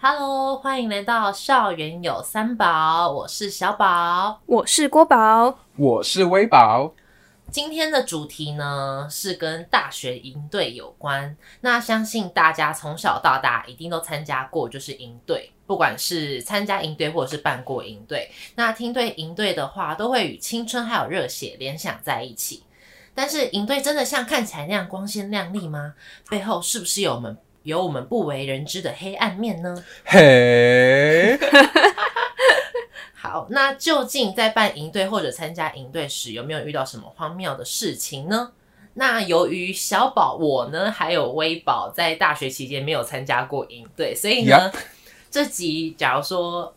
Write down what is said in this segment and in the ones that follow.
哈嘍，Hello，歡迎來到校園有三寶。我是小寶，我是郭寶，我是威寶。今天的主題呢，是跟大學營隊有關。那相信大家從小到大一定都參加過，就是營隊，不管是參加營隊或者是辦過營隊。那聽到營隊的話，都會與青春還有熱血聯想在一起。但是營隊真的像看起來那樣光鮮亮麗嗎？背後是不是有我們？有我們不為人知的黑暗面呢？嘿，Hey. 好，那究竟在辦營隊或者參加營隊時，有沒有遇到什麼荒謬的事情呢？那由於小寶我呢，還有威寶在大學期間沒有參加過營隊，所以呢，Yep. 這集假如說。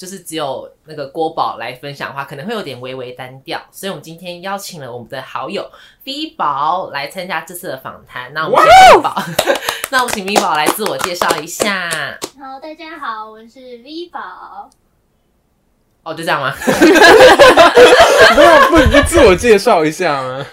就是只有那個郭寶來分享的話，可能會有點微微單調，所以我們今天邀請了我們的好友 V 寶來參加這次的訪談。那我們先 V 寶，哦、 那我們請 V 寶來自我介紹一下。好，大家好，我是 V 寶。哦， oh, 就這樣嗎？那有，不不，就自我介紹一下嗎？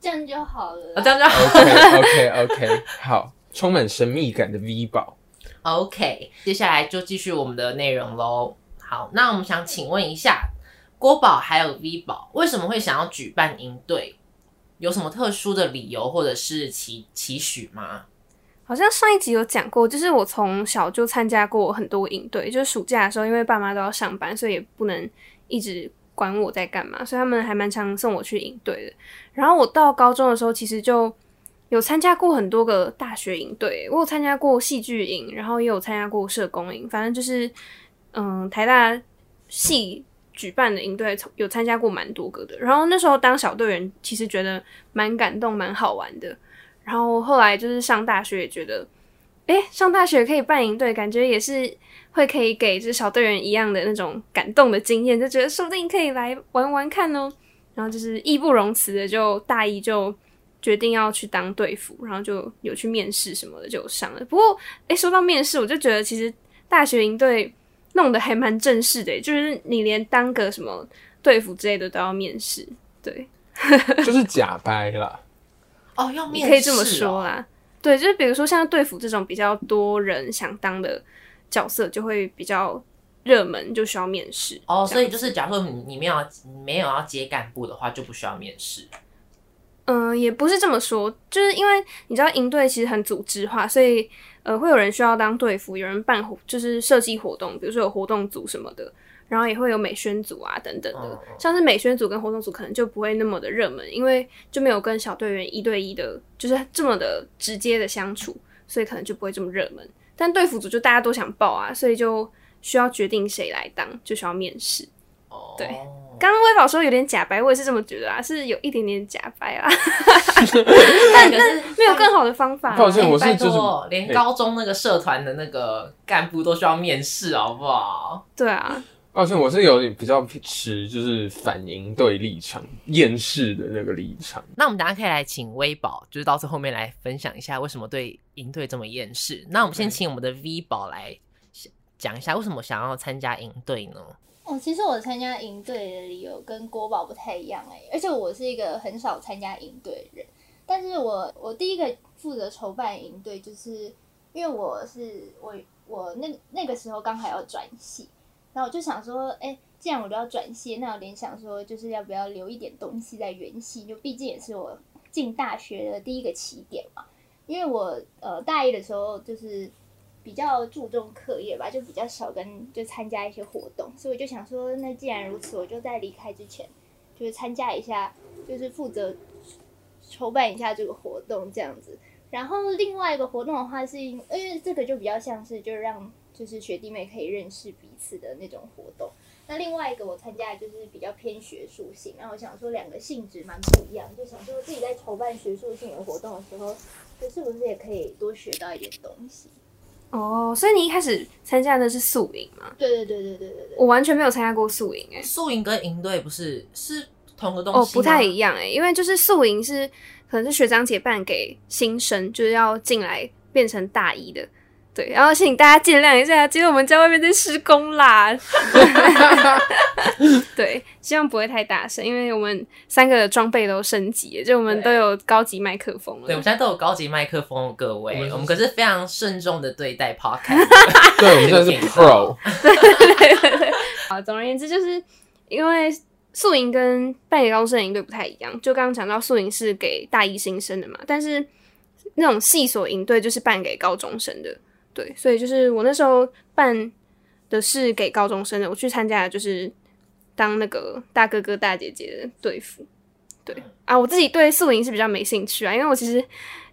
這樣就好了。這樣就好，OK OK OK，好，充滿神秘感的 V 寶。OK，接下來就繼續我們的內容嘍。好，那我們想請問一下，郭寶還有 V 寶為什麼會想要舉辦營隊？有什麼特殊的理由或者是期期許嗎？好像上一集有講過，就是我從小就參加過很多營隊，就是暑假的時候，因為爸媽都要上班，所以也不能一直管我在幹嘛，所以他們還蠻常送我去營隊的。然後我到高中的時候，其實就。有參加過很多個大學營隊，我有參加過戲劇營，然後也有參加過社工營，反正就是嗯、呃、台大系舉辦的營隊有參加過蠻多個的。然後那時候當小隊員，其實覺得蠻感動、蠻好玩的。然後後來就是上大學也覺得，誒、欸，上大學可以辦營隊，感覺也是會可以給這小隊員一樣的那種感動的經驗，就覺得說不定可以來玩玩看哦。然後就是義不容辭的，就大一就。決定要去當隊服，然後就有去面試什麼的，就上了。不過，哎、欸，說到面試，我就覺得其實大學營隊弄得還蠻正式的，就是你連當個什麼隊服之類的都要面試。對，就是假掰了。 哦，要面試，你可以這麼說啦。哦、對，就是比如說像隊服這種比較多人想當的角色，就會比較熱門，就需要面試。哦，所以就是假如說你沒有你沒有要接幹部的話，就不需要面試。嗯、呃，也不是這麼說，就是因為你知道營隊其實很組織化，所以呃，會有人需要當隊輔，有人辦活，就是設計活動，比如說有活動組什麼的，然後也會有美宣組啊等等的。像是美宣組跟活動組可能就不會那麼的熱門，因為就沒有跟小隊員一對一的，就是這麼的直接的相處，所以可能就不會這麼熱門。但隊輔組就大家都想報啊，所以就需要決定誰來當，就需要面試。對。剛剛威寶說有點假白，我也是這麼覺得啊，是有一點點假白啦、啊。哈哈 但但是沒有更好的方法、啊。 抱歉，我是、就是欸、連高中那個社團的那個幹部都需要面試，好不好？對啊。抱歉，我是有點比較持就是反營隊立場、厭世的那個立場。那我們等下可以來請威寶，就是到最後面來分享一下為什麼對營隊這麼厭世。那我們先請我們的 V 寶來講一下為什麼想要參加營隊呢？哦，其實我參加營隊的理由跟國寶不太一樣欸，而且我是一個很少參加營隊的人。但是我我第一個負責籌辦營隊，就是因為我是我我那那個時候剛好要轉系，然後我就想說，欸，既然我都要轉系，那我聯想說，就是要不要留一點東西在原系？就畢竟也是我進大學的第一個起點嘛。因為我呃大一的時候就是。比較注重課業吧，就比較少跟就參加一些活動，所以我就想說，那既然如此，我就在離開之前，就是參加一下，就是負責籌辦一下這個活動這樣子。然後另外一個活動的話是，是因為這個就比較像是就讓就是學弟妹可以認識彼此的那種活動。那另外一個我參加的就是比較偏學術性，然後我想說兩個性質蠻不一樣，就想說自己在籌辦學術性的活動的時候，就是不是也可以多學到一點東西。哦，oh, 所以你一開始參加的是宿營嗎？對對對對對對對，我完全沒有參加過宿營誒。宿營跟營隊不是是同個東西哦，oh, 不太一樣誒、欸，因為就是宿營是可能是學長姐辦給新生，就是要進來變成大一的。對，然後請大家見諒一下，今天我們在外面在施工啦。對， 對，希望不會太大聲，因為我們三個的裝備都升級，就我們都有高級麥克風了。對，對，我們現在都有高級麥克風，各位，嗯嗯、我們可是非常慎重的對待 Podcast 對我們現在是 Pro 對。對對對對。好，總而言之，就是因為素營跟辦給高中生的營隊不太一樣，就剛剛講到素營是給大一新生，生的嘛，但是那種系所營隊就是辦給高中生的。對，所以就是我那時候辦的是給高中生的，我去參加就是當那個大哥哥大姐姐的隊輔。對啊，我自己對宿營是比較沒興趣啊，因為我其實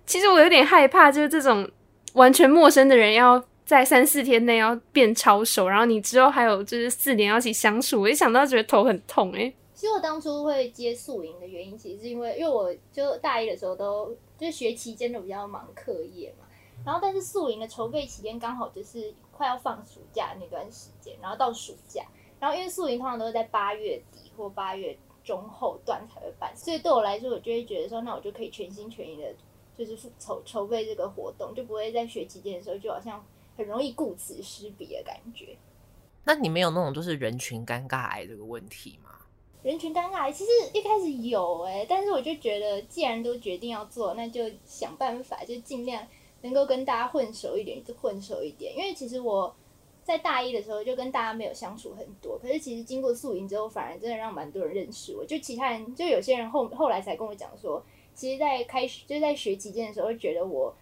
其實我有點害怕，就是這種完全陌生的人，要在三四天內要變超熟，然後你之後還有就是四年要一起相處，我一想到就覺得頭很痛誒、欸，其實我當初會接宿營的原因，其實是因為因為我就大一的時候都就是學期間就比較忙課業嘛。然後，但是宿營的籌備期間剛好就是快要放暑假那段時間，然後到暑假，然後因為宿營通常都是在八月底或八月中後段才會辦，所以對我來說，我就會覺得說，那我就可以全心全意的，就是籌籌備這個活動，就不會在學期間的時候，就好像很容易顧此失彼的感覺。那你沒有那種就是人群尷尬癌這個問題嗎？人群尷尬癌其實一開始有哎、欸，但是我就覺得既然都決定要做，那就想辦法，就盡量。能夠跟大家混熟一點就混熟一點，因為其實我在大一的時候就跟大家沒有相處很多，可是其實經過宿營之後，反而真的讓蠻多人認識我。就其他人，就有些人後後來才跟我講說，其實，在開始就在學期間的時候，會覺得我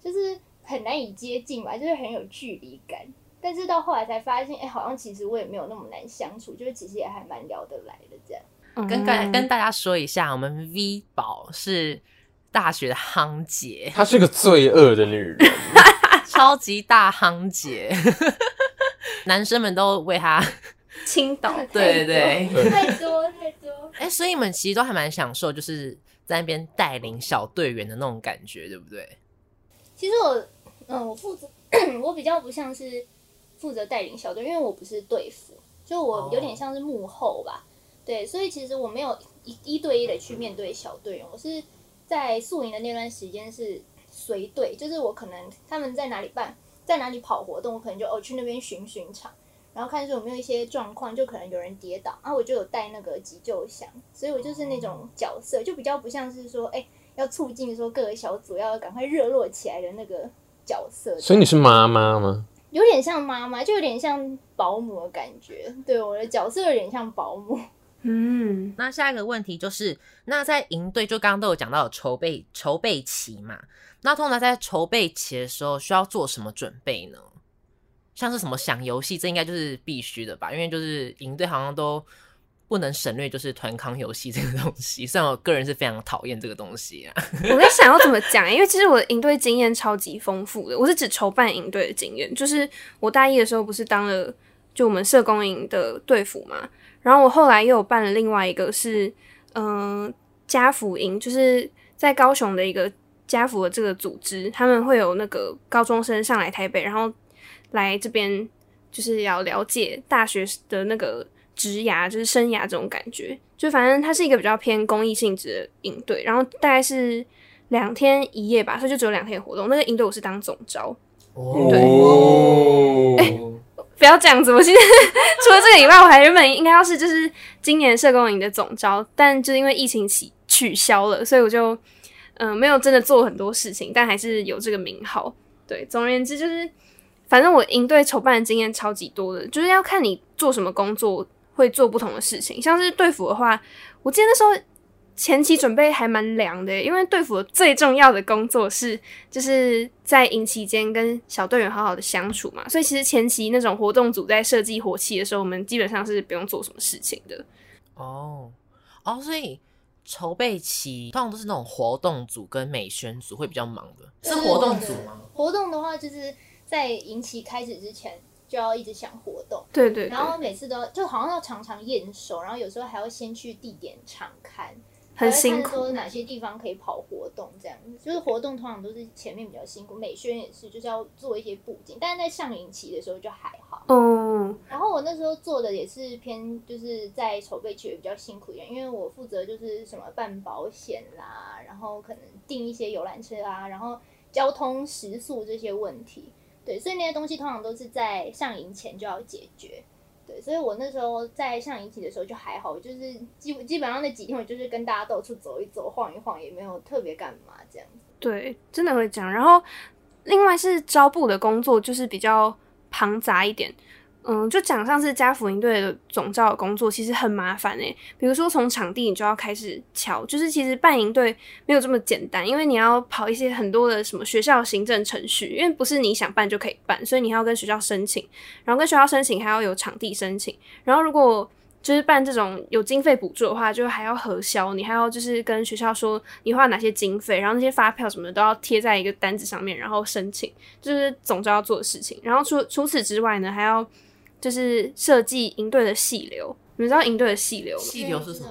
就是很難以接近吧，就是很有距離感。但是到後來才發現，哎、欸，好像其實我也沒有那麼難相處，就是其實也還蠻聊得來的。這樣，嗯、跟跟大家說一下，我們 V 寶是。大學的夯姐，她是個罪惡的女人， 超級大夯姐， 男生們都為她傾倒，對對對，太多對太多。哎、欸，所以你們其實都還蠻享受，就是在那邊帶領小隊員的那種感覺，對不對？其實我，嗯，我負責， 我比較不像是負責帶領小隊，因為我不是隊輔，就我有點像是幕後吧。哦、對，所以其實我沒有一一對一的去面對小隊員，我是。在宿營的那段時間是隨隊，就是我可能他們在哪裡辦，在哪裡跑活動，我可能就哦去那邊巡巡場，然後看是有沒有一些狀況，就可能有人跌倒，然後我就有帶那個急救箱，所以我就是那種角色，就比較不像是說哎要促進說各個小組要趕快熱絡起來的那個角色。所以你是媽媽嗎？有點像媽媽，就有點像保姆的感覺，對我的角色有點像保姆。嗯，那下一個問題就是，那在營隊就剛剛都有講到籌備籌備期嘛，那通常在籌備期的時候需要做什麼準備呢？像是什麼想遊戲，這應該就是必須的吧？因為就是營隊好像都不能省略，就是團康遊戲這個東西。雖然我個人是非常討厭這個東西啊，我在想要怎麼講、欸，因為其實我的營隊經驗超級豐富的，我是指籌辦營隊的經驗。就是我大一的時候不是當了就我們社工營的隊輔嘛，然後我後來又有辦了另外一個是，嗯、呃，家福營，就是在高雄的一個家福的這個組織，他們會有那個高中生上來台北，然後來這邊就是要了解大學的那個職涯，就是生涯這種感覺。就反正它是一個比較偏公益性質的營隊，然後大概是兩天一夜吧，所以就只有兩天活動。那個營隊我是當總招，oh. 嗯、對。Oh. 欸不要這樣子！我現在除了這個以外，我還原本應該要是就是今年社工營的總召，但就是因為疫情取取消了，所以我就嗯、呃、沒有真的做很多事情，但還是有這個名號。對，總而言之，就是反正我營隊籌辦的經驗超級多的，就是要看你做什麼工作會做不同的事情。像是隊服的話，我記得那時候。前期準備還蠻涼的，因為隊輔最重要的工作是就是在營期間跟小隊員好好的相處嘛，所以其實前期那種活動組在設計火器的時候，我們基本上是不用做什麼事情的。哦，哦，所以籌備期通常都是那種活動組跟美宣組會比較忙的，嗯、是活動組嗎？活動的話就是在營期開始之前就要一直想活動，對對，對對，然後每次都就好像要常常驗收，然後有時候還要先去地點場看。很辛苦。是說哪些地方可以跑活動？這樣子，就是活動通常都是前面比較辛苦。美宣也是，就是要做一些佈景，但是在上營期的時候就還好。嗯。然後我那時候做的也是偏，就是在籌備期也比較辛苦一點，因為我負責就是什麼辦保險啦，然後可能訂一些遊覽車啊，然後交通、食宿這些問題。對，所以那些東西通常都是在上營前就要解決。對，所以我那時候在上一期的時候就還好，就是基基本上那幾天我就是跟大家到處走一走、晃一晃，也沒有特別幹嘛這樣子。對，真的會這樣。然後另外是招部的工作，就是比較龐雜一點。嗯，就講像是家輔營隊的總召工作，其實很麻煩誒、欸，比如說從場地你就要開始敲，就是其實辦營隊沒有這麼簡單，因為你要跑一些很多的什麼學校行政程序，因為不是你想辦就可以辦，所以你還要跟學校申請，然後跟學校申請還要有場地申請，然後如果就是辦這種有經費補助的話，就還要核銷，你還要就是跟學校說你花哪些經費，然後那些發票什麼的都要貼在一個單子上面，然後申請，就是總召要做的事情。然後除除此之外呢，還要。就是設計營隊的細流，你知道營隊的細流？細流是什麼？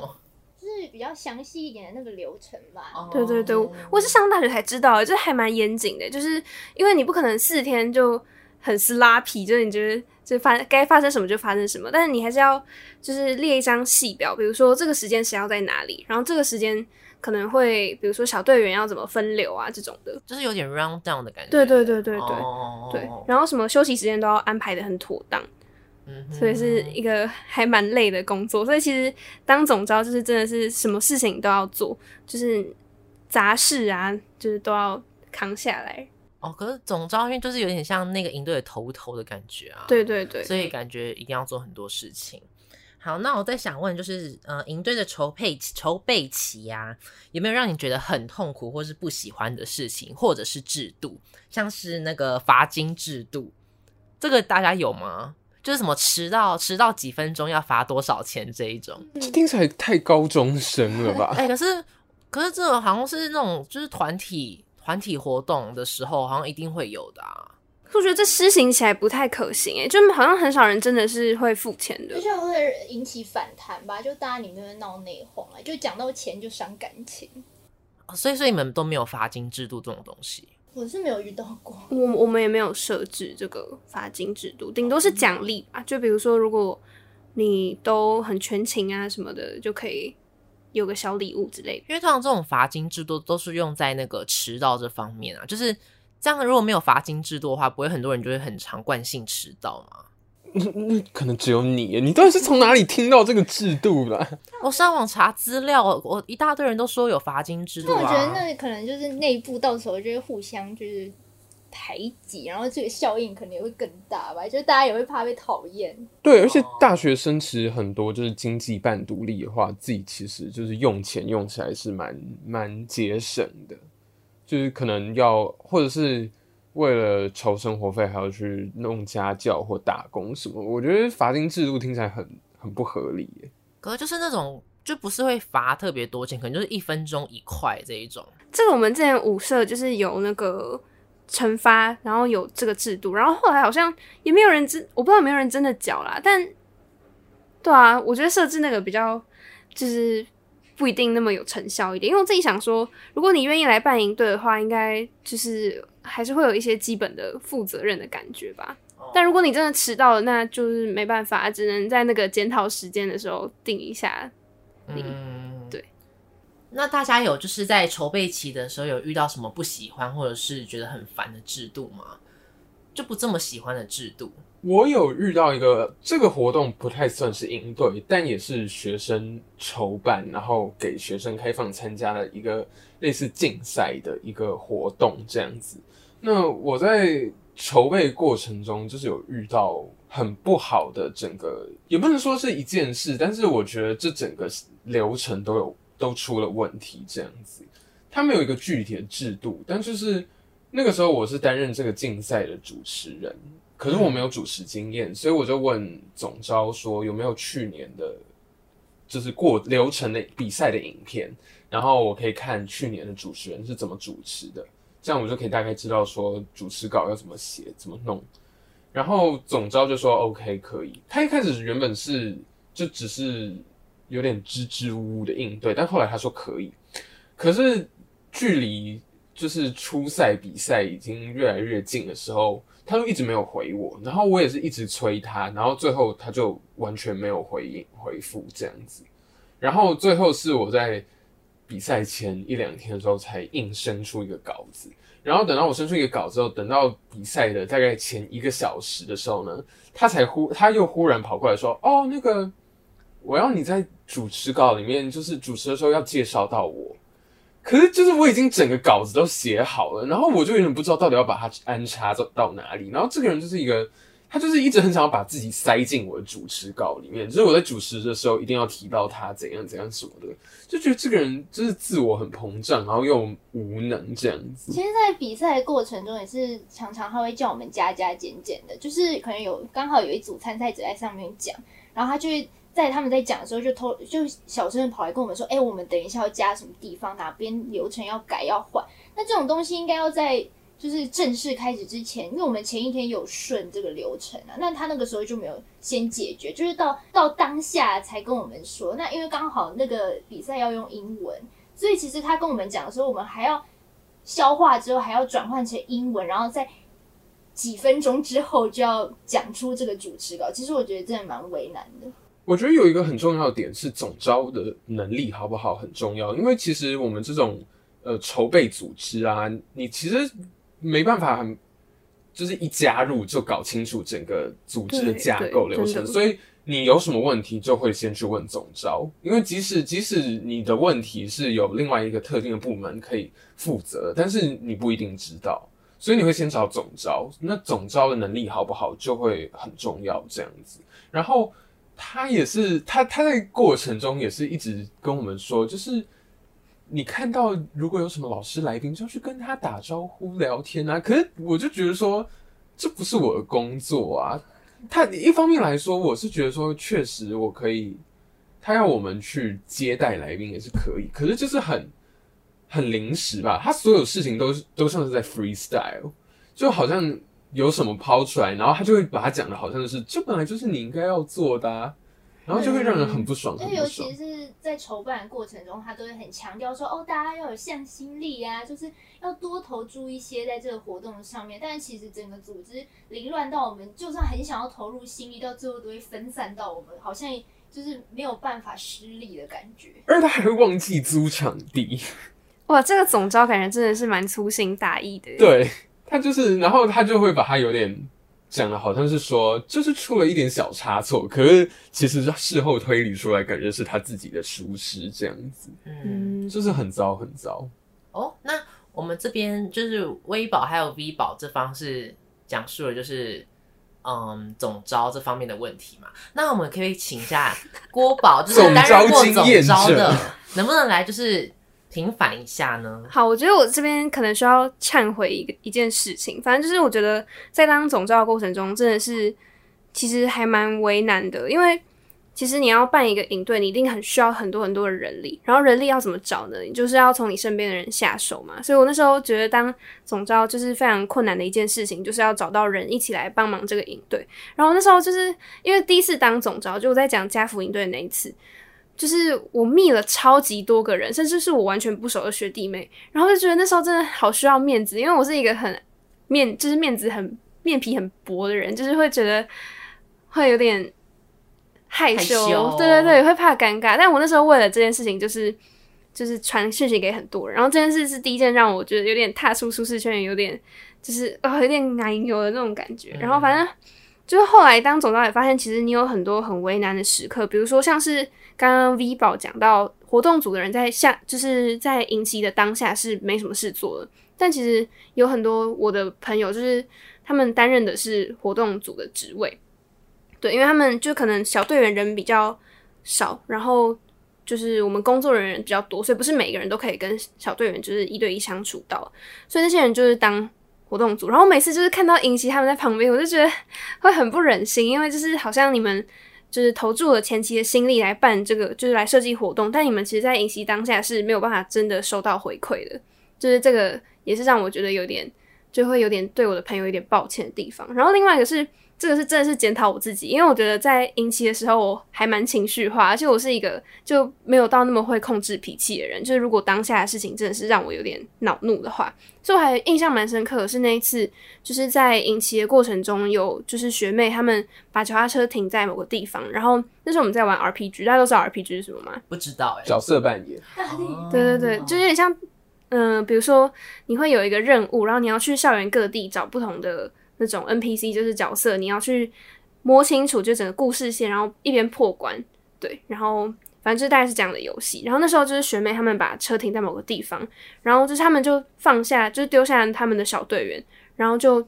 就是比較詳細一點的那個流程吧。Oh. 對對對，我是上大學才知道的，就是，還蠻嚴謹的。就是因為你不可能四天就很 sloppy, 就，就是拉皮，就是你覺得就發該發生什麼就發生什麼，但是你還是要就是列一張細表，比如說這個時間誰要在哪裡，然後這個時間可能會比如說小隊員要怎麼分流啊這種的，就是有點 round down 的感覺。對對對對對，oh. 對，然後什麼休息時間都要安排得很妥當。所以是一個還蠻累的工作，所以其實當總召就是真的是什麼事情都要做，就是雜事啊，就是都要扛下來。哦，可是總召員就是有點像那個營隊的頭頭的感覺啊。對對對，所以感覺一定要做很多事情。好，那我在想問，就是呃，營隊的籌備籌備期啊，有沒有讓你覺得很痛苦或是不喜歡的事情，或者是制度，像是那個罰金制度，這個大家有嗎？就是什麼遲到遲到幾分鐘要罰多少錢這一種，這、嗯、聽起來太高中生了吧？哎、欸，可是可是這種好像是那種就是團體團體活動的時候，好像一定會有的啊。我覺得這施行起來不太可行哎、欸，就好像很少人真的是會付錢的，就是會引起反彈吧？就大家裡面鬧內訌啊，就講到錢就傷感情，所以所以你們都沒有罰金制度這種東西。我是沒有遇到過，我我們也沒有設置這個罰金制度，頂多是獎勵啊，就比如說，如果你都很全勤啊什麼的，就可以有個小禮物之類的。因為通常這種罰金制度都是用在那個遲到這方面啊，就是這樣。如果沒有罰金制度的話，不會很多人就會很常慣性遲到嘛？那那可能只有你，你到底是從哪裡聽到這個制度的？我上網查資料，我一大堆人都說有罰金制度啊。那我覺得那可能就是內部到時候就會互相就是排擠，然後這個效應可能也會更大吧。就是大家也會怕被討厭。對，而且大學生其實很多就是經濟半獨立的話，自己其實就是用錢用起來是蠻蠻節省的，就是可能要或者是。為了籌生活費，還要去弄家教或打工什麼？我覺得罰金制度聽起來很很不合理耶。可是就是那種就不是會罰特別多錢，可能就是一分鐘一塊這一種。這個我們之前舞社就是有那個懲罰，然後有這個制度，然後後來好像也沒有人真，我不知道有沒有人真的繳啦。但對啊，我覺得設置那個比較就是不一定那麼有成效一點，因為我自己想說，如果你願意來辦營隊的話，應該就是。還是會有一些基本的負責任的感覺吧。哦，但如果你真的遲到了，那就是沒辦法，只能在那個檢討時間的時候定一下你。嗯，對。那大家有就是在籌備期的時候有遇到什麼不喜歡或者是覺得很煩的制度嗎？就不這麼喜歡的制度？我有遇到一個這個活動不太算是營隊，但也是學生籌辦，然後給學生開放參加了一個類似競賽的一個活動這樣子。那我在籌備過程中，就是有遇到很不好的整個，也不能說是一件事，但是我覺得這整個流程都有都出了問題。這樣子，他沒有一個具體的制度，但就是那個時候我是擔任這個競賽的主持人，可是我沒有主持經驗，嗯、所以我就問總召說有沒有去年的，就是過流程的比賽的影片，然後我可以看去年的主持人是怎麼主持的。這樣我就可以大概知道說主持稿要怎麼寫，怎麼弄。然後總召就說 OK 可以。他一開始原本是就只是有點支支吾吾的應對，但後來他說可以。可是距離就是初賽比賽已經越來越近的時候，他就一直沒有回我。然後我也是一直催他，然後最後他就完全沒有回應回復這樣子。然後最後是我在。比賽前一兩天的時候，才硬生出一個稿子。然後等到我生出一個稿子之後，等到比賽的大概前一個小時的時候呢，他才忽他又忽然跑過來說：“哦，那個我要你在主持稿裡面，就是主持的時候要介紹到我。”可是就是我已經整個稿子都寫好了，然後我就有點不知道到底要把它安插到到哪裡。然後這個人就是一個。他就是一直很想要把自己塞進我的主持稿裡面，就是我在主持的時候一定要提到他怎樣怎樣什麼的，就覺得這個人就是自我很膨脹，然後又無能這樣子。其實，在比賽的過程中也是常常他會叫我們加加減減的，就是可能有剛好有一組參賽者在上面講，然後他就會在他們在講的時候就偷就小聲的跑來跟我們說，哎、欸，我們等一下要加什麼地方，哪邊流程要改要換。那這種東西應該要在。就是正式開始之前，因為我們前一天有順這個流程啊，那他那個時候就沒有先解決，就是到到當下才跟我們說。那因為剛好那個比賽要用英文，所以其實他跟我們講的時候，我們還要消化之後還要轉換成英文，然後在幾分鐘之後就要講出這個主持稿。其實我覺得真的蠻為難的。我覺得有一個很重要的點是總召的能力好不好很重要，因為其實我們這種呃籌備組織啊，你其實。沒辦法，就是一加入就搞清楚整個組織的架構流程，所以你有什麼問題就會先去問總召，因為即使即使你的問題是有另外一個特定的部門可以負責，但是你不一定知道，所以你會先找總召。那總召的能力好不好就會很重要，這樣子。然後他也是他他在過程中也是一直跟我們說，就是。你看到，如果有什麼老師來賓，就要去跟他打招呼聊天啊。可是我就覺得說，這不是我的工作啊。他一方面來說，我是覺得說，確實我可以，他要我們去接待來賓也是可以。可是就是很很臨時吧，他所有事情都是都像是在 freestyle，就好像有什麼拋出來，然後他就會把它講的，好像就是這本來就是你應該要做的啊。然後就會讓人很不爽，嗯、很不爽。因為對，尤其是在籌辦的過程中，他都會很強調說，哦，大家要有向心力啊，就是要多投注一些在這個活動上面。但是其實整個組織凌亂到我們，就算很想要投入心力，到最後都會分散到我們，好像就是沒有辦法施力的感覺。而他還會忘記租場地，哇，這個總召感覺真的是蠻粗心大意的。對，他就是，然後他就會把他有點。講的好像是說，就是出了一點小差錯，可是其實事後推理出來，感覺是他自己的疏失這樣子，嗯，就是很糟很糟。哦，那我們這邊就是威寶還有 V 寶這方是講述了就是嗯總召這方面的問題嘛，那我們可以請一下郭寶，就是擔任過總召的，能不能來就是？平反一下呢？好，我覺得我這邊可能需要懺悔一個一件事情。反正就是，我覺得在當總召的過程中，真的是其實還蠻為難的，因為其實你要辦一個營隊，你一定很需要很多很多的人力。然後人力要怎麼找呢？你就是要從你身邊的人下手嘛。所以我那時候覺得當總召就是非常困難的一件事情，就是要找到人一起來幫忙這個營隊。然後那時候就是因為第一次當總召，就我在講家福營隊那一次。就是我密了超級多個人，甚至是我完全不熟的學弟妹，然後就覺得那時候真的好需要面子，因為我是一個很面，就是面子很，面皮很薄的人，就是會覺得會有點害羞，害羞，對對對，會怕尷尬。但我那時候為了這件事情，就是就是傳訊息給很多人，然後這件事是第一件讓我覺得有點踏出舒適圈，有點就是啊、呃，有點難有的那種感覺。然後反正就是後來當總導演，發現其實你有很多很為難的時刻，比如說像是。剛剛 V 寶講到活動組的人在下，就是在營期的當下是沒什麼事做的。但其實有很多我的朋友，就是他們擔任的是活動組的職位，對，因為他們就可能小隊員人比較少，然後就是我們工作人員比較多，所以不是每個人都可以跟小隊員就是一對一相處到。所以那些人就是當活動組，然後每次就是看到營期他們在旁邊，我就覺得會很不忍心，因為就是好像你們。就是投注了前期的心力來辦這個，就是來設計活動，但你們其實，在疫情當下是沒有辦法真的收到回饋的，就是這個也是讓我覺得有點，就會有點對我的朋友有點抱歉的地方。然後另外一個是。這個是真的是檢討我自己，因為我覺得在營期的時候我還蠻情緒化，而且我是一個就沒有到那麼會控制脾氣的人。就是如果當下的事情真的是讓我有點惱怒的話，所以還印象蠻深刻的是那一次，就是在營期的過程中有，就是學妹他們把腳踏車停在某個地方，然後那時候我們在玩 RPG，大家都是知道 RPG 是什麼嗎？不知道哎、欸，就是、角色扮演。哦、對對對，就是有點像嗯、呃，比如說你會有一個任務，然後你要去校園各地找不同的。那種 NPC 就是角色，你要去摸清楚就整個故事線，然後一邊破關，對，然後反正就是大概是這樣的遊戲。然後那時候就是學妹他們把車停在某個地方，然後就是他們就放下，就是丟下他們的小隊員，然後就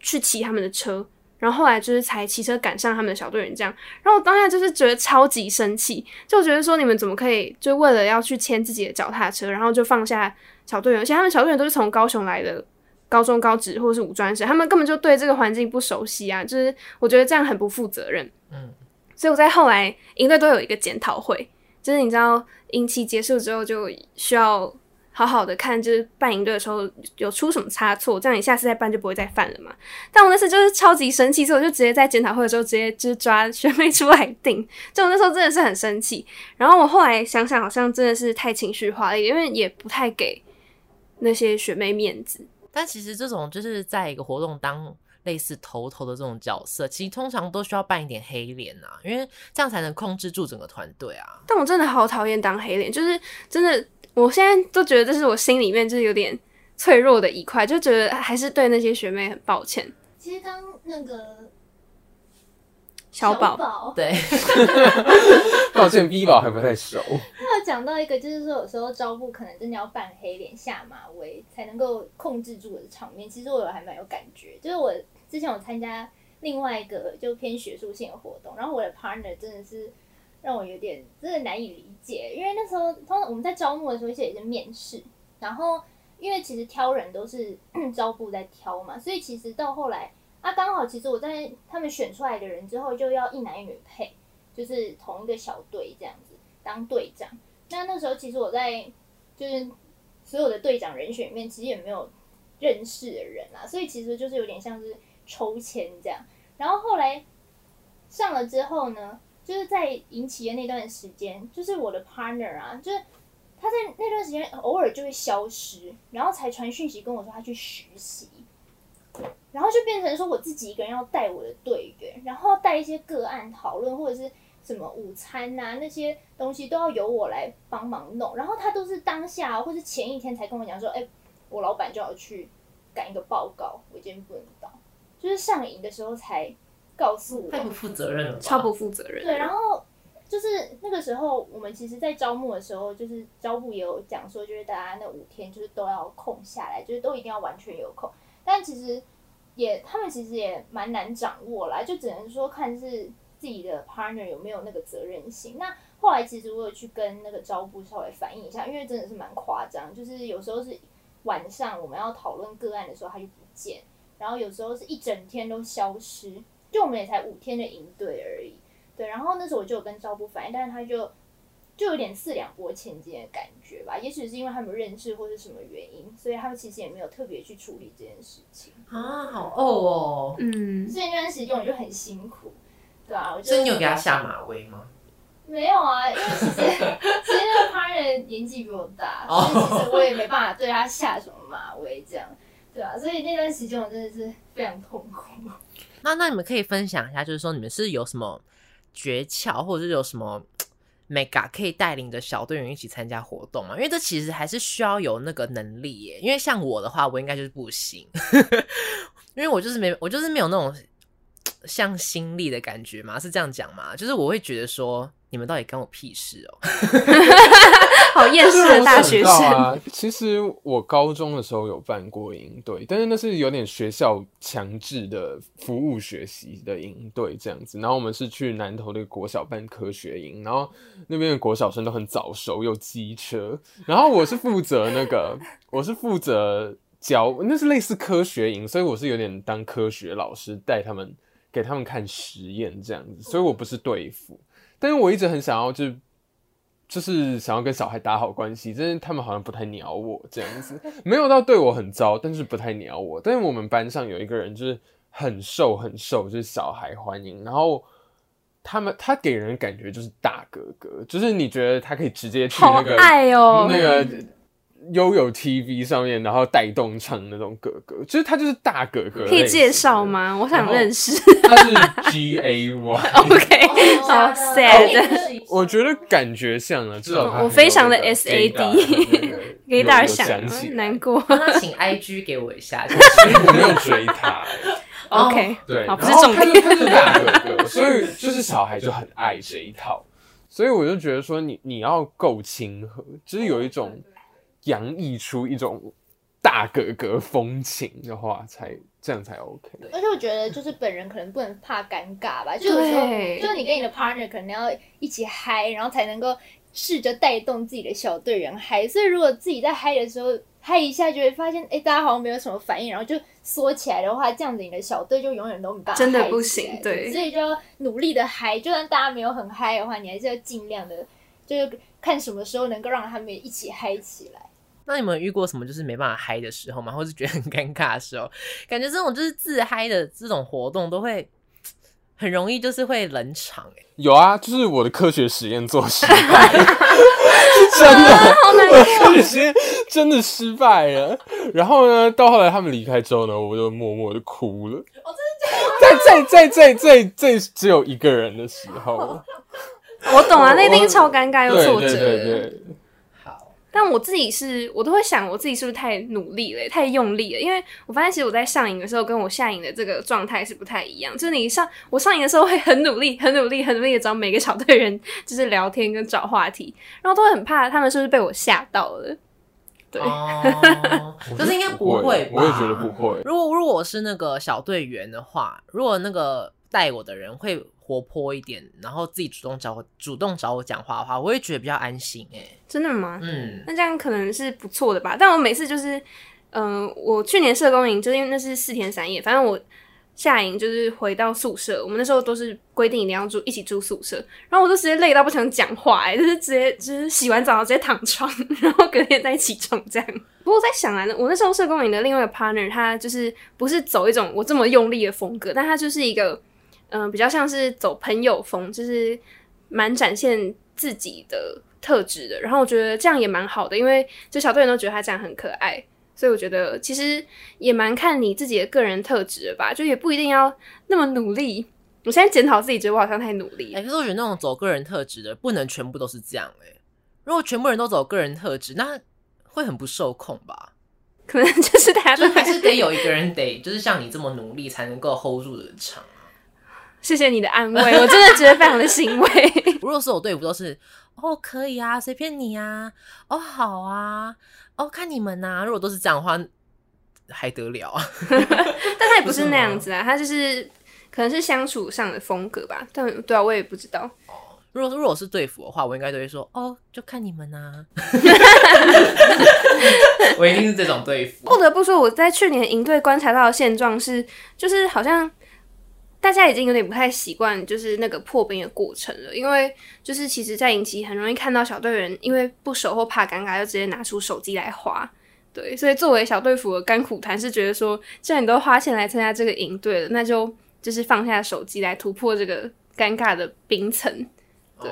去騎他們的車，然後後來就是才騎車趕上他們的小隊員這樣。然後我當下就是覺得超級生氣，就覺得說你們怎麼可以就為了要去牽自己的腳踏車，然後就放下小隊員，而且他們小隊員都是從高雄來的。高中高職或者是五專生，他們根本就對這個環境不熟悉啊！就是我覺得這樣很不負責任。嗯，所以我在後來營隊都有一個檢討會，就是你知道營期結束之後就需要好好的看，就是辦營隊的時候有出什麼差錯，這樣你下次再辦就不會再犯了嘛。但我那次就是超級生氣，所以我就直接在檢討會的時候直接就是抓學妹出來頂。就我那時候真的是很生氣，然後我後來想想，好像真的是太情緒化了，因為也不太給那些學妹面子。但其實這種就是在一個活動當類似頭頭的這種角色，其實通常都需要扮一點黑臉啊，因為這樣才能控制住整個團隊啊。但我真的好討厭當黑臉，就是真的，我現在都覺得這是我心裡面就是有點脆弱的一塊，就覺得還是對那些學妹很抱歉。其實當那個。超寶小寶寶，對，抱 歉，V 寶還不太熟。他有講到一個，就是說有時候招募可能真的要扮黑臉下馬威，才能夠控制住我的場面。其實我有還蠻有感覺，就是我之前有參加另外一個就偏學術性的活動，然後我的 partner 真的是讓我有點真的難以理解，因為那時候通常我們在招募的時候其實也是面試，然後因為其實挑人都是招募在挑嘛，所以其實到後來。那剛好，其實我在他們選出來的人之後，就要一男一女配，就是同一個小隊這樣子當隊長。那那時候其實我在就是所有的隊長人選裡面，其實也沒有認識的人啦，啊，所以其實就是有點像是抽籤這樣。然後後來上了之後呢，就是在引起的那段時間，就是我的 partner 啊，就是他在那段時間偶爾就會消失，然後才傳訊息跟我說他去實習。然後就變成說我自己一個人要帶我的隊員，然後帶一些個案討論或者是什麼午餐啊，那些東西都要由我來幫忙弄。然後他都是當下或是前一天才跟我講說：“哎，我老闆就要去趕一個報告，我今天不能到。”就是上營的時候才告訴我。太不負責任了。是吧？超不負責任。對，然後就是那個時候，我們其實在招募的時候，就是招募也有講說，就是大家那五天就是都要空下來，就是都一定要完全有空。但其實。也，他們其實也蠻難掌握啦，就只能說看是自己的 partner 有沒有那個責任心。那後來其實我有去跟那個招部稍微反映一下，因為真的是蠻誇張，就是有時候是晚上我們要討論個案的時候他就不見，然後有時候是一整天都消失，就我們也才五天的營隊而已，對。然後那時候我就有跟招部反映，但是他就。就有點四兩撥千斤的感覺吧，也許是因為他們認識，或是什麼原因，所以他們其實也沒有特別去處理這件事情。啊，好餓哦，對嗯，所以那段時間我就很辛苦，對啊，我就是。覺得你有給他下馬威嗎？沒有啊，因為其實 其實他年紀比我大， 所以其實我也沒辦法對他下什麼馬威，這樣對啊，所以那段時間我真的是非常痛苦。那那你們可以分享一下，就是說你們是有什麼訣竅，或者是有什麼？Mega 可以帶領着小隊員一起參加活動嘛，因為這其實還是需要有那個能力耶。因為像我的話，我應該就是不行， 因為我就是沒，我就是沒有那種向心力的感覺嘛，是這樣講嘛？就是我會覺得說。你們到底跟我屁事哦！ 好厭世的大學生， 啊。其實我高中的時候有辦過營隊，但是那是有點學校強制的服務學習的營隊這樣子。然後我們是去南投的一個國小辦科學營，然後那邊的國小生都很早熟有機車。然後我是負責那個， 我是負責教，那是類似科學營，所以我是有點當科學老師，帶他們給他們看實驗這樣子。所以我不是隊輔。但是我一直很想要就，就就是想要跟小孩打好關係，但是他們好像不太鳥我這樣子，沒有到對我很糟，但是不太鳥我。但是我們班上有一個人就是很受很受，就是小孩歡迎，然後他們他給人感覺就是大哥哥，就是你覺得他可以直接去那個愛、哦、那個。悠悠 TV 上面，然後帶動唱那種哥哥，就是他就是大哥哥，可以介紹嗎？我想認識。他是 GAY。OK，好 sad。我覺得感覺像啊，至少我非常的 sad，給大家想難過。請 IG 給我一下。我沒有追他，OK，對，不是重點。他是大哥哥，所以就是小孩就很愛這一套，所以我就覺得說，你你要夠親和，就是有一種。洋溢出一種大格格風情的話，才這樣才 OK。而且我覺得，就是本人可能不能怕尷尬吧， 就是說，就你跟你的 partner 可能要一起嗨，然後才能夠試着帶動自己的小隊員嗨。所以，如果自己在嗨的時候嗨一下，就會發現，哎、欸，大家好像沒有什麼反應，然後就縮起來的話，這樣子你的小隊就永遠都沒辦法嗨。真的不行，對。所以就要努力的嗨對，就算大家沒有很嗨的話，你還是要盡量的，就是。看什麼時候能夠讓他們一起嗨起來。那你們遇過什麼就是沒辦法嗨的時候嗎？或者覺得很尷尬的時候？感覺這種就是自嗨的這種活動都會很容易就是會冷場哎、欸。有啊，就是我的科學實驗做失敗， 真的、啊、好難過，我真的失敗了。然後呢，到後來他們離開之後呢，我就默默的哭了。哦、在在在在在在，在只有一個人的時候。我懂啊，那一定超尷尬又挫折。我對，對對對，好。但我自己是，我都會想，我自己是不是太努力了、欸，太用力了？因為我發現，其實我在上癮的時候，跟我下癮的這個狀態是不太一樣。就是你上，我上癮的時候會很努力，很努力，很努力的找每個小隊員，就是聊天跟找話題，然後都會很怕他們是不是被我嚇到了。對，啊、 就是應該不會，不會。我也覺得不會。如果如果我是那個小隊員的話，如果那個帶我的人會活潑一點，然後自己主動找我，主動找我講話的話，我也覺得比較安心哎、欸。真的嗎？嗯，那這樣可能是不錯的吧。但我每次就是，嗯、呃，我去年社工營就是因為那是四天三夜，反正我夏營就是回到宿舍，我們那時候都是規定一定要住一起住宿舍，然後我就直接累到不想講話哎、欸，就是直接就是洗完澡直接躺床，然後隔天再起床這樣。不過我在想來呢，我那時候社工營的另外一個 partner，他就是不是走一種我這麼用力的風格，但他就是一個。嗯、呃，比較像是走朋友風，就是蠻展現自己的特質的。然後我覺得這樣也蠻好的，因為就小隊員都覺得他這樣很可愛，所以我覺得其實也蠻看你自己的個人特質的吧，就也不一定要那麼努力。我現在檢討自己，覺得我好像太努力。哎、欸，可是我覺得那種走個人特質的，不能全部都是這樣哎、欸。如果全部人都走個人特質，那會很不受控吧？可能就是大家都還是得有一個人得，就是像你這麼努力才能夠 hold 住的場。謝謝你的安慰， 我真的覺得非常的欣慰。 如果是我對友隊友都是，哦，可以啊，隨便你啊，哦，好啊，哦看你們吶、啊，如果都是這樣的話，還得了、啊、 但他也不是那樣子啊，嗎他就是可能是相處上的風格吧。但對啊，我也不知道。如果，如果是如果是隊友的話，我應該都會說，哦就看你們吶、啊。 我一定是這種隊友。不得不說，我在去年營隊觀察到的現狀是，就是好像。大家已經有點不太習慣，就是那個破冰的過程了，因為就是其實，在營期很容易看到小隊員因為不熟或怕尷尬，就直接拿出手機來滑。對，所以作為小隊輔的甘苦談是覺得說，既然你都花錢來參加這個營隊了，那就就是放下手機來突破這個尷尬的冰層。對。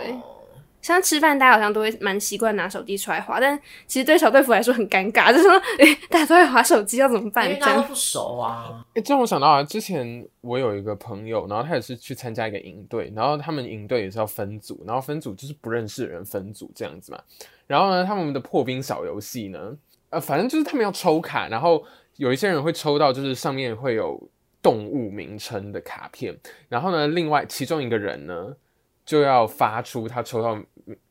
像吃飯，大家好像都會蠻習慣拿手機出來滑，但其實對小隊輔來說很尷尬，就是說、欸，大家都會滑手機，要怎麼辦？因為大家都不熟啊。哎、欸，這讓我想到啊，之前我有一個朋友，然後他也是去參加一個營隊，然後他們營隊也是要分組，然後分組就是不認識的人分組這樣子嘛。然後呢，他們的破冰小遊戲呢，呃，反正就是他們要抽卡，然後有一些人會抽到就是上面會有動物名稱的卡片，然後呢，另外其中一個人呢，就要發出他抽到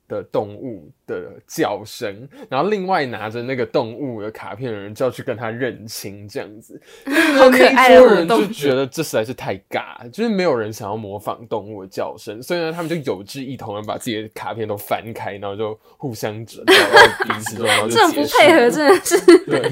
的動物的叫聲，然後另外拿着那個動物的卡片的人就要去跟他認親，這樣子。嗯、好可愛哦！所有人都覺得這實在是太尬，就是沒有人想要模仿動物的叫聲，所以呢，他們就有志一同的把自己的卡片都翻開，然後就互相折鼻子， 然 這種不配合真的是。對。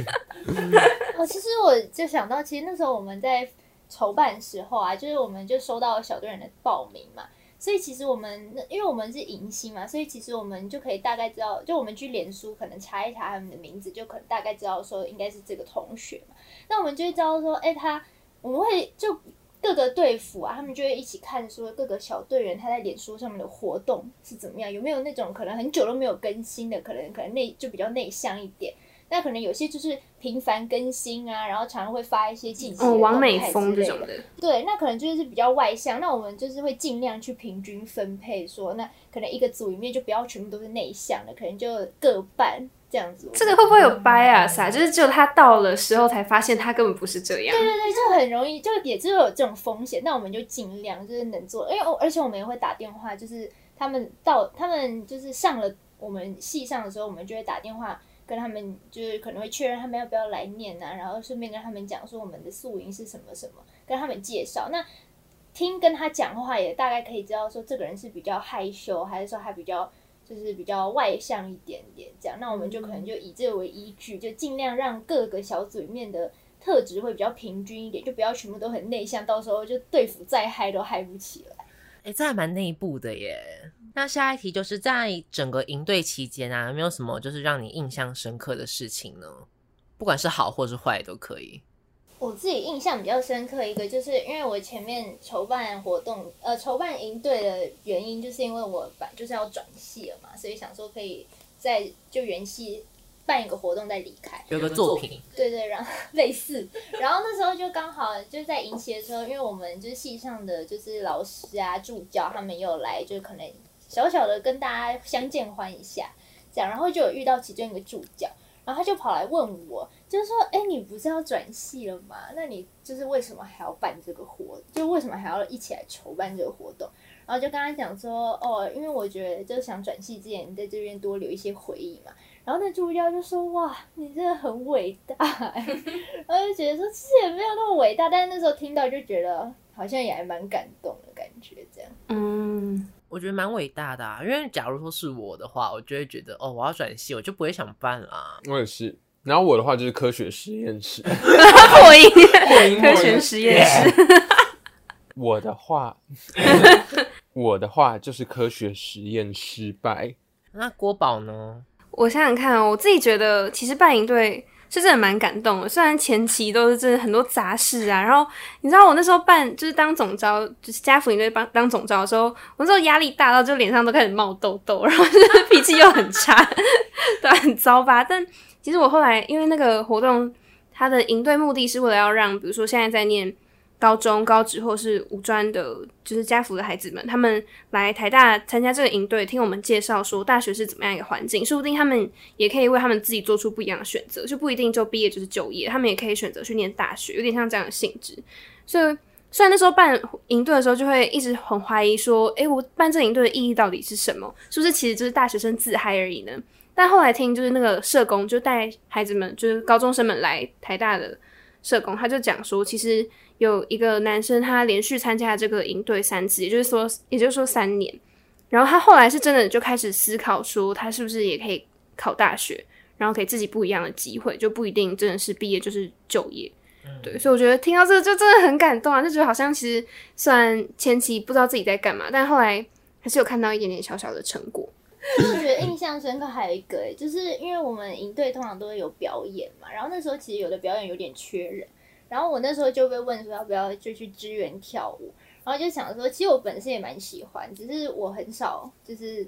我、 哦、其實我就想到，其實那時候我們在籌辦的時候啊，就是我們就收到了小隊人的報名嘛。所以其實我們，因為我們是迎新嘛，所以其實我們就可以大概知道，就我們去臉書可能查一查他們的名字，就可能大概知道說應該是這個同學嘛。那我們就會知道說，哎、欸，他我們會就各個隊輔啊，他們就會一起看說各個小隊員他在臉書上面的活動是怎麼樣，有沒有那種可能很久都沒有更新的可，可能可能內就比較內向一點。那可能有些就是頻繁更新啊，然後常常會發一些信息。哦、王美風這種的。對，那可能就是比較外向。那我們就是會盡量去平均分配說，說那可能一個組裡面就不要全部都是內向的，可能就各半這樣子。這個會不會有 bias 啊？嗯、就是只有他到了時候才發現他根本不是這樣。對對對，就很容易，就也是有這種風險。那我們就盡量就是能做，因為而且我們也會打電話，就是他們到他們就是上了我們系上的時候，我們就會打電話。跟他們就是可能會確認他們要不要來念啊，然後順便跟他們講說我們的宿營是什麼什麼，跟他們介紹。那聽跟他講話也大概可以知道說這個人是比較害羞，還是說他比較就是比較外向一點點這樣。那我們就可能就以這個為依據，就盡量讓各個小組裡面的特質會比較平均一點，就不要全部都很內向，到時候就對付再嗨都嗨不起來。哎、欸，這還蠻內部的耶。那下一題就是在整個營隊期間啊，有沒有什麼就是讓你印象深刻的事情呢？不管是好或是壞都可以。我自己印象比較深刻一個，就是因為我前面籌辦活動，呃，籌辦營隊的原因，就是因為我把就是要轉系了嘛，所以想說可以在就原系辦一個活動再離開，有個作品，對對，對，然後類似，然後那時候就剛好就在營期的時候，因為我們就是系上的就是老師啊、助教他們有來，就可能。小小的跟大家相見歡一下，這樣，然後就有遇到其中一個助教，然後他就跑來問我，就是說，哎，你不是要轉系了嗎？那你就是為什麼還要辦這個活就為什麼還要一起來籌辦這個活動？然後就跟他講說，哦，因為我覺得就想轉系之前，你在這邊多留一些回憶嘛。然後那助教就說，哇，你真的很偉大。 然後就覺得說其實也沒有那麼偉大，但是那時候聽到就覺得好像也還蠻感動的感覺，這樣，嗯。我覺得蠻偉大的、啊，因為假如說是我的話，我就會覺得哦，我要轉系，我就不會想辦啦、啊。我也是。然後我的話就是科學實驗室破音破音科學實驗室。我的話， 我的話就是科學實驗失敗。 那郭寶呢？我想想看、哦，我自己覺得其實辦營隊，就真的蠻感動，雖然前期都是真的很多雜事啊，然後你知道我那時候辦就是當總召，就是家福營隊幫當總召的時候，我那時候壓力大到就臉上都開始冒痘痘，然後就是脾氣又很差， 對，很糟吧？但其實我後來因為那個活動，他的營隊目的是為了要讓，比如說現在在念。高中、高職或是五專的，就是家扶的孩子們，他們來台大參加這個營隊，聽我們介紹說大學是怎麼樣一個環境，說不定他們也可以為他們自己做出不一樣的選擇，就不一定就畢業就是就業，他們也可以選擇去念大學，有點像這樣的性質。所以，雖然那時候辦營隊的時候就會一直很懷疑說，誒、欸，我辦這營隊的意義到底是什麼？是不是其實就是大學生自嗨而已呢？但後來聽就是那個社工就帶孩子們，就是高中生們來台大的社工，他就講說，其實。有一個男生，他連續參加了這個營隊三次，也就是說，也就是說三年。然後他後來是真的就開始思考，說他是不是也可以考大學，然後給自己不一樣的機會，就不一定真的是畢業就是就業。嗯，對。所以我覺得聽到這個就真的很感動啊，就覺得好像其實雖然前期不知道自己在幹嘛，但後來還是有看到一點點小小的成果。我覺得印象深刻還有一個，哎，就是因為我們營隊通常都會有表演嘛，然後那時候其實有的表演有點缺人。然後我那時候就被問說要不要就去支援跳舞，然後就想說，其實我本身也蠻喜歡，只是我很少就是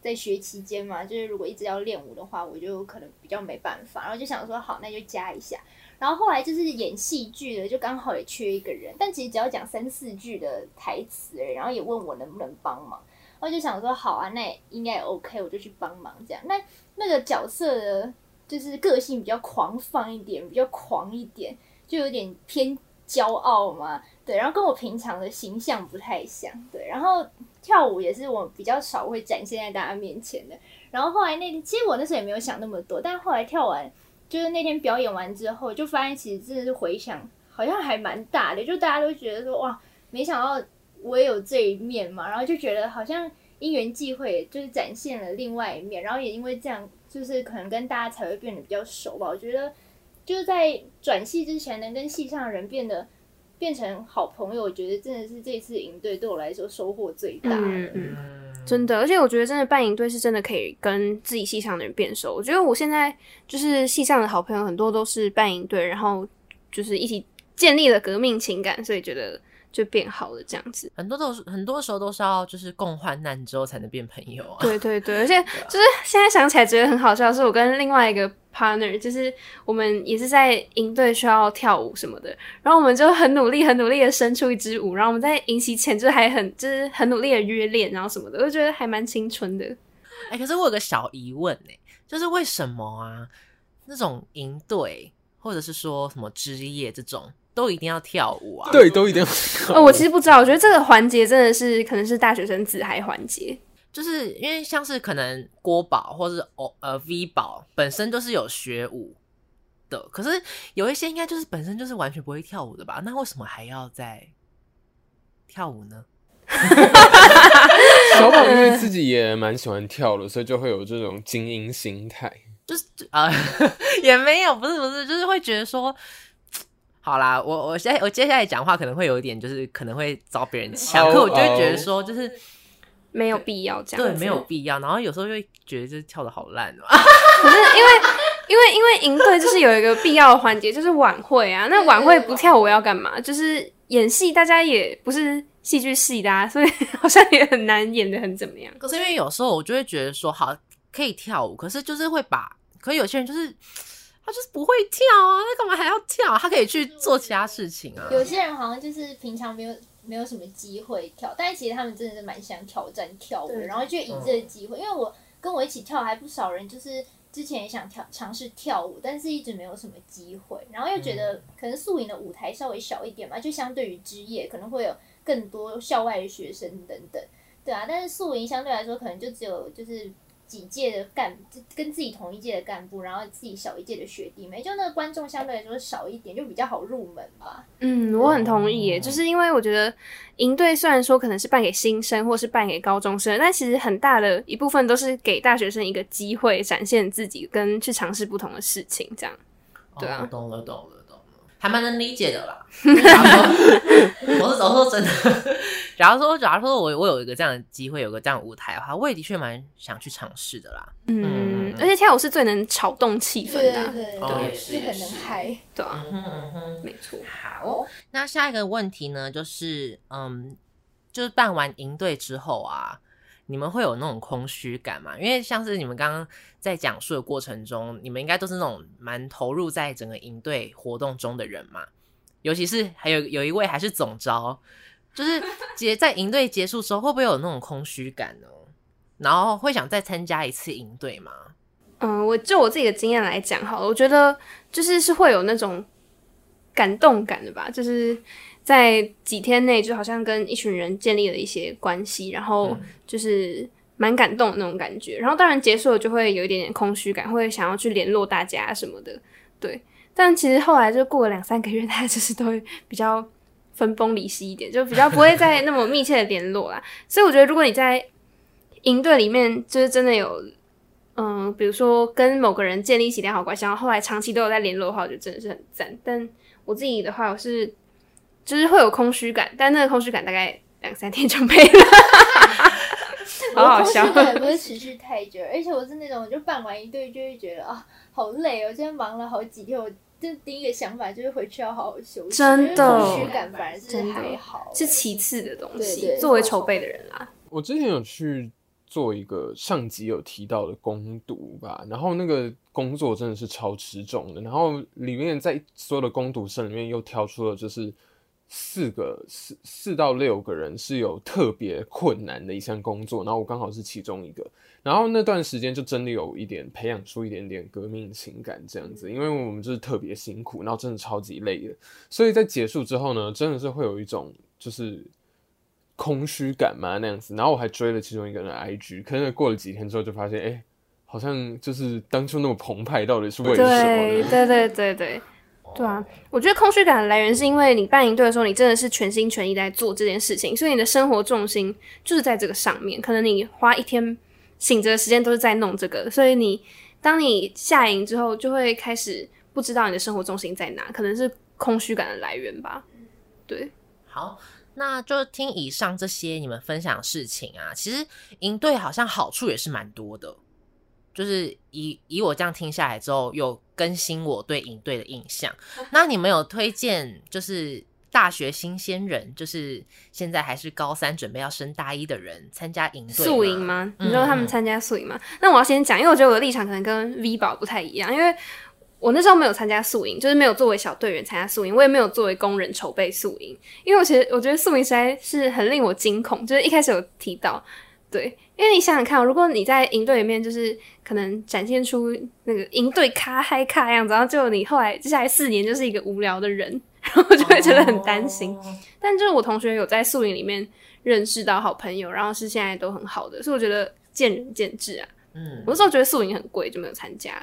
在學期間嘛，就是如果一直要練舞的話，我就可能比較沒辦法。然後就想說，好，那就加一下。然後後來就是演戲劇的，就剛好也缺一個人，但其實只要講三四句的台詞而已，然後也問我能不能幫忙，然後就想說，好啊，那也應該也 OK，我就去幫忙這樣。那那個角色的就是個性比較狂放一點，比較狂一點。就有點偏驕傲嘛，對，然後跟我平常的形象不太像，對，然後跳舞也是我比較少會展現在大家面前的。然後後來那天，其實我那時候也沒有想那麼多，但後來跳完，就是那天表演完之後，就發現其實真的是回響好像還蠻大的，就大家都覺得說哇，沒想到我也有這一面嘛，然後就覺得好像因緣際會就是展現了另外一面，然後也因為這樣，就是可能跟大家才會變得比較熟吧，我覺得。就是在轉系之前，能跟系上的人變得變成好朋友，我覺得真的是這次營隊對我來說收穫最大。嗯嗯，真的，而且我覺得真的辦營隊是真的可以跟自己系上的人變熟。我覺得我現在就是系上的好朋友很多都是辦營隊，然後就是一起建立了革命情感，所以覺得。就變好了，這樣子很多都是很多時候都是要就是共患難之後才能變朋友啊。對對對，而且、啊、就是現在想起來覺得很好笑，是我跟另外一個 partner，就是我們也是在營隊需要跳舞什麼的，然後我們就很努力很努力的伸出一支舞，然後我們在營期前就還很就是很努力的約練，然後什麼的，我就覺得還蠻青春的。哎、欸，可是我有個小疑問呢、欸，就是為什麼啊？那種營隊或者是說什麼之夜這種？都一定要跳舞啊？對，都一定要跳舞。呃、哦，我其實不知道，我覺得這個環節真的是可能是大學生自嗨環節，就是因為像是可能郭寶或者哦呃 V 寶本身就是有學舞的，可是有一些應該就是本身就是完全不會跳舞的吧？那為什麼還要再跳舞呢？小寶因為自己也蠻喜歡跳的，呃、所以就會有這種精英心態，就是啊、呃、也沒有，不是不是，就是會覺得說。好啦，我我接我接下來講話可能會有一點，就是可能會遭別人搶，oh, oh. 可是我就覺得說就是沒有必要這樣子，對，沒有必要。然後有時候就會覺得就是跳得好爛， 可是因為因為因為營隊就是有一個必要的環節，就是晚會啊，那晚會不跳舞要幹嘛？就是演戲，大家也不是戲劇系的啊，所以好像也很難演得很怎麼樣。可是因為有時候我就會覺得說好可以跳舞，可是就是會把，可是有些人就是。就是不會跳啊，那幹嘛還要跳啊？他可以去做其他事情啊。有些人好像就是平常沒有沒有什麼機會跳，但其實他們真的是蠻想挑戰跳舞的，對然後就以這個機會。嗯、因為我跟我一起跳還不少人，就是之前也想跳嘗試跳舞，但是一直沒有什麼機會，然後又覺得可能宿營的舞台稍微小一點嘛，嗯、就相對於之夜可能會有更多校外的學生等等，對啊。但是宿營相對來說可能就只有就是。幾屆的幹，跟自己同一屆的幹部，然後自己小一屆的學弟妹，就那個觀眾相對來說少一點，就比較好入門吧。嗯，我很同意耶，對就是因為我覺得營隊雖然說可能是辦給新生或是辦給高中生，但其實很大的一部分都是給大學生一個機會展現自己跟去嘗試不同的事情，這樣。哦、對啊，懂了懂了。懂了還蠻能理解的啦。 假如說我是我說真的，假如說假如說我我有一個這樣的機會，有一個這樣的舞台的話，我也的確蠻想去嘗試的啦。嗯，嗯而且跳舞是最能炒動氣氛的、啊，對,對,對，對對是很能嗨，對啊嗯嗯，沒錯。好，那下一個問題呢，就是嗯，就是辦完營隊之後啊。你們會有那種空虛感嗎？因為像是你們剛剛在講述的過程中，你們應該都是那種蠻投入在整個營隊活動中的人嘛。尤其是還有有一位還是總召，就是結在營隊結束的時候，會不會有那種空虛感呢？然後會想再參加一次營隊嗎？嗯，我就我自己的經驗來講好了，我覺得就是是會有那種感動感的吧，就是。在幾天內，就好像跟一群人建立了一些關係，然後就是蠻感動的那種感覺。然後當然結束了就會有一點點空虛感，會想要去聯絡大家什麼的。對，但其實後來就過了兩三個月，大家就是都會比較分崩離析一點，就比較不會再那麼密切的聯絡啦。 所以我覺得，如果你在營隊裡面就是真的有，嗯、呃，比如說跟某個人建立一些良好關係，然後後來長期都有在聯絡的話，我覺得真的是很讚。但我自己的話，我是。就是會有空虛感，但那個空虛感大概兩三天就沒了， 好好笑，我也不會持續太久。 而且我是那種，就辦完一對就會覺得啊好累，我今天忙了好幾天，我就第一個想法就是回去要好好休息。真的，空虛感反而是還好，是其次的東西。對對，作為籌備的人啊，我之前有去做一個上集有提到的工讀吧，然後那個工作真的是超吃重的，然後裡面在所有的工讀生裡面又挑出了就是。四個四四到六個人是有特別困難的一項工作，然後我剛好是其中一個，然後那段時間就真的有一點培養出一點點革命情感這樣子，因為我們就是特別辛苦，然後真的超級累的，所以在結束之後呢，真的是會有一種就是空虛感嘛那樣子，然後我還追了其中一個人的 IG，可是過了幾天之後就發現，哎，好像就是當初那麼澎湃到底是為什麼對？對對對對對。對啊，我覺得空虛感的來源是因為你辦營隊的時候，你真的是全心全意在做這件事情，所以你的生活重心就是在這個上面。可能你花一天醒着的時間都是在弄這個，所以你當你下營之後，就會開始不知道你的生活重心在哪，可能是空虛感的來源吧。對，好，那就聽以上這些你們分享的事情啊，其實營隊好像好處也是蠻多的。就是以以我這樣聽下來之後，有更新我對營隊的印象。那你們有推薦，就是大學新鮮人，就是現在還是高三，準備要升大一的人，參加營隊嗎？宿營嗎？嗯、你知道他們參加宿營嗎？嗯、那我要先講，因為我覺得我的立場可能跟 V 寶不太一樣，因為我那時候沒有參加宿營，就是沒有作為小隊員參加宿營，我也沒有作為工人籌備宿營，因為我其實我覺得宿營實在是很令我驚恐，就是一開始有提到。對，因為你想想看喔，如果你在營隊裡面，就是可能展現出那個營隊咖嗨咖樣子，然後就你後來接下來四年就是一個無聊的人，然後我就會覺得很擔心。Oh. 但就是我同學有在宿營裡面認識到好朋友，然後是現在都很好的，所以我覺得見仁見智啊。嗯，mm. 我那時候覺得宿營很貴，就沒有參加。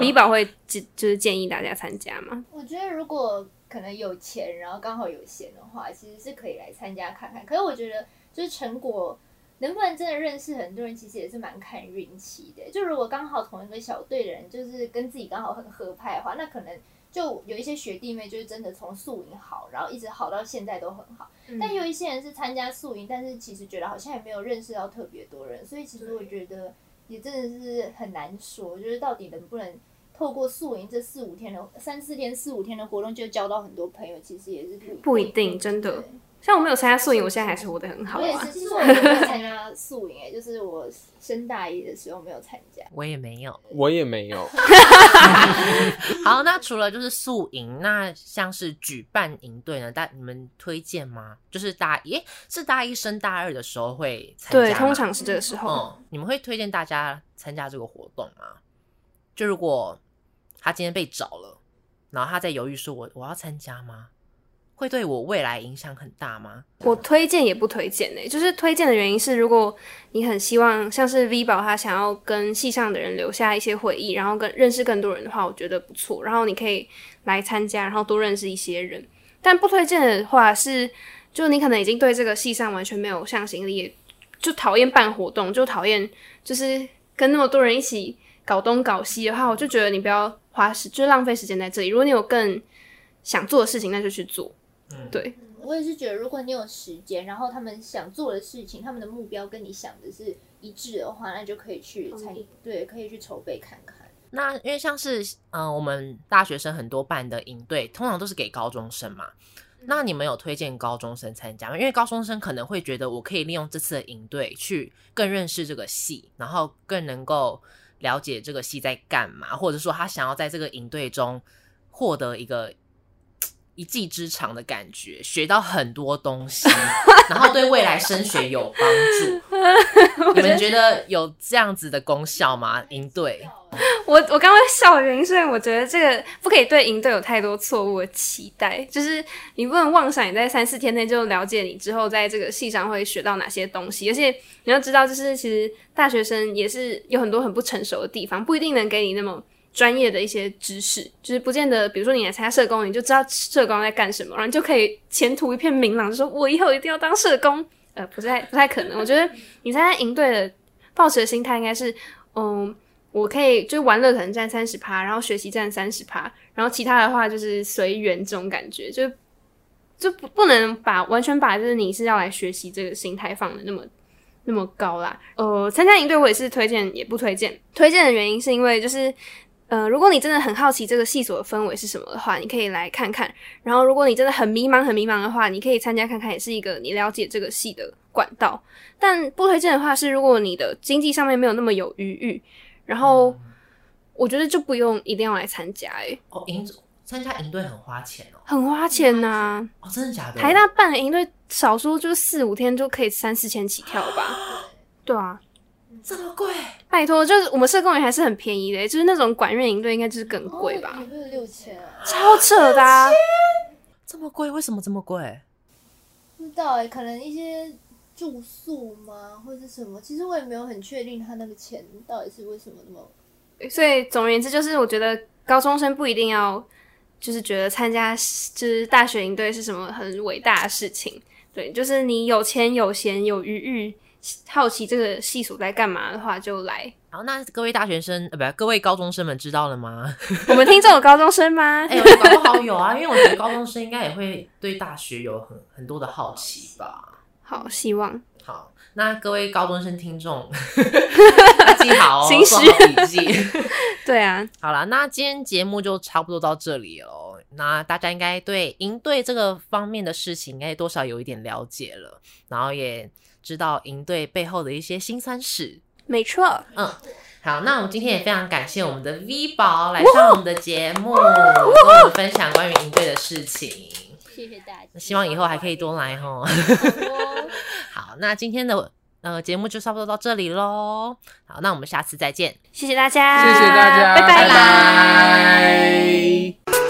李寶 會就就是建議大家參加嗎？我覺得如果可能有錢，然後剛好有閒的話，其實是可以來參加看看。可是我覺得就是成果。能不能真的認識很多人，其實也是蠻看運氣的。就如果剛好同一個小隊的人，就是跟自己剛好很合拍的話，那可能就有一些學弟妹就是真的從宿營好，然後一直好到現在都很好。嗯、但有一些人是參加宿營，但是其實覺得好像也沒有認識到特別多人。所以其實我覺得也真的是很難說，對就是到底能不能透過宿營這四五天的三四天四五天的活動，就交到很多朋友，其實也是不一不一定真的。像我沒有參加宿營，我現在還是活得很好。我也是其實我沒有參加宿營，誒，就是我升大一的時候沒有參加。我也沒有，我也沒有。好，那除了就是宿營，那像是舉辦營隊呢，大你們推薦嗎？就是大一，是大一升大二的時候會參加？對，通常是這個時候。嗯，你們會推薦大家參加這個活動嗎、啊？就如果他今天被找了，然後他在猶豫，說我我要參加嗎？會對我未來影響很大嗎？我推薦也不推薦呢、欸，就是推薦的原因是，如果你很希望像是 V 寶他想要跟系上的人留下一些回憶，然後跟認識更多人的話，我覺得不錯，然後你可以來參加，然後多認識一些人。但不推薦的話是，就你可能已經對這個系上完全沒有向心力，就討厭辦活動，就討厭就是跟那麽多人一起搞東搞西的話，我就覺得你不要花時，就是浪費時間在這裡。如果你有更想做的事情，那就去做。對、嗯，我也是覺得，如果你有時間，然後他們想做的事情，他們的目標跟你想的是一致的話，那就可以去參，嗯、對，可以去籌備看看。那因為像是嗯、呃，我們大學生很多辦的營隊，通常都是給高中生嘛。嗯、那你們有推薦高中生參加嗎？因為高中生可能會覺得，我可以利用這次的營隊去更認識這個系，然後更能夠了解這個系在幹嘛，或者說他想要在這個營隊中獲得一個。一技之長的感覺，學到很多東西， 然後對未來升學有幫助。 得你們覺得有這樣子的功效嗎？營隊，我我剛剛笑的原因是因為我覺得這個不可以對營隊有太多錯誤的期待，就是你不能妄想你在三四天內就了解你之後在這個系上會學到哪些東西，而且你要知道，就是其實大學生也是有很多很不成熟的地方，不一定能給你那麼。專業的一些知識，就是不見得，比如說你來參加社工，你就知道社工在幹什麼，然後你就可以前途一片明朗，就說我以後一定要當社工，呃，不太不太可能。我覺得你參加營隊的抱持的心態應該是，嗯、呃，我可以就是玩樂可能占三十趴，然後學習占三十趴，然後其他的話就是隨緣這種感覺，就是就不不能把完全把就是你是要來學習這個心態放得那麼那麼高啦。呃，參加營隊我也是推薦也不推薦，推薦的原因是因為就是。嗯、呃，如果你真的很好奇這個系所的氛圍是什麼的話，你可以來看看。然後，如果你真的很迷茫、很迷茫的話，你可以參加看看，也是一個你了解這個系的管道。但不推薦的話是，如果你的經濟上面沒有那麼有餘裕，然後我覺得就不用一定要來參加、欸。誒、嗯，哦、嗯，營參加營隊很花錢哦、喔，很花錢吶、啊。哦，真的假的？台大辦營隊，少說就四五天就可以三四千起跳吧？ 對啊。這麼貴，拜托，就是我們社工營還是很便宜的、欸，就是那種管樂營隊應該就是更貴吧。哦、六千、啊、超扯的、啊，六千這麼貴，為什麼這麼貴？不知道哎、欸，可能一些住宿嗎，或者什麼？其實我也沒有很確定他那個錢到底是為什麼那麼。所以總而言之，就是我覺得高中生不一定要，就是覺得參加就是大學營隊是什麼很偉大的事情。對，就是你有錢有閒有餘裕。好奇這個系所在幹嘛的話，就來。然後，那各位大學生呃，不，各位高中生們知道了嗎？我們聽眾有高中生嗎？哎，搞不好有啊，因為我覺得高中生應該也會對大學有很很多的好奇吧。好，希望。好，那各位高中生聽眾、 啊，記好，做好筆記。行事 對啊。好了，那今天節目就差不多到這裡哦。那大家應該對營隊這個方面的事情，應該多少有一點了解了，然後也。知道營隊背後的一些辛酸史，沒錯錯。嗯，好，那我們今天也非常感謝我們的 V 寶來上我們的節目，哦哦、跟我們分享關於營隊的事情。謝謝大家，希望以後還可以多來呵呵哦，好，那今天的呃節目就差不多到這裡嘍。好，那我們下次再見，謝謝大家，謝謝大家，拜拜拜。拜拜拜拜。